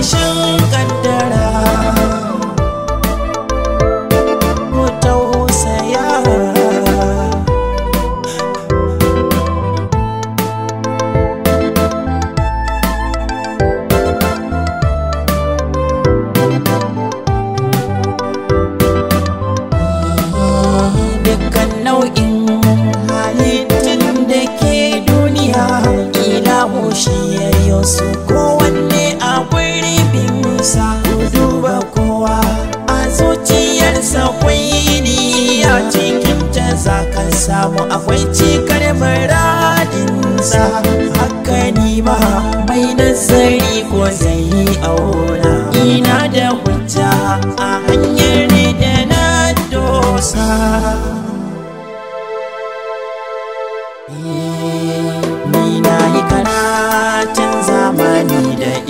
murmushin kaddara mu tausaya dukkan nau'in halittun da ke duniya ilahu shi yayyo su duba kowa a zuciyarsa kwai ni a cikin ta za samu akwai cikar muradinsa haka ni ba, mai nazari ko zai yi aura ina da hujja a hanyar da na dosa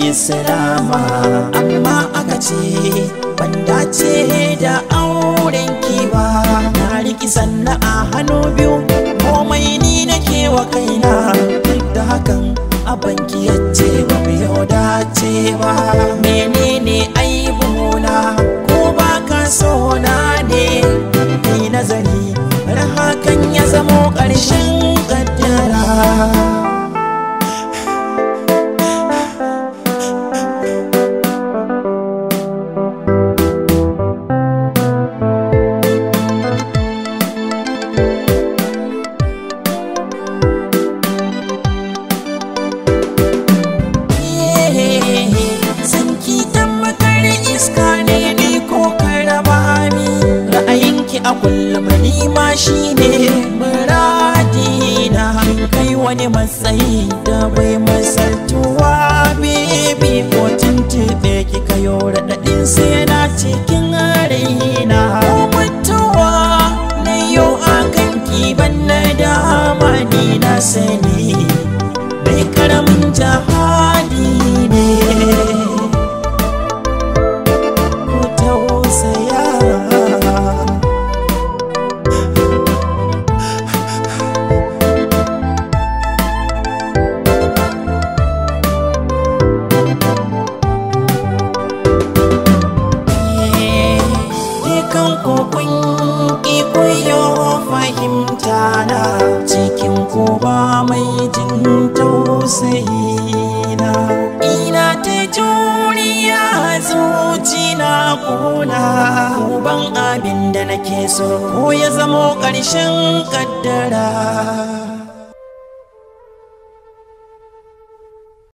islama amma aka ce ban dace da auren kiwa na riki sanna a hannu biyu komai ni nake wa kaina duk da hakan a banki yace ba biyo yau dace ba shi ne na kai wani matsayi da bai masaltuwa bibi ko da ki kayo raɗaɗin sai na cikin raina mutuwa na yau a kan ki ban na dama na sani cikin koba mai jin tausayina ina ta juriya zuci na kuna uban abin da nake so ko ya zamo ƙarshen ƙaddara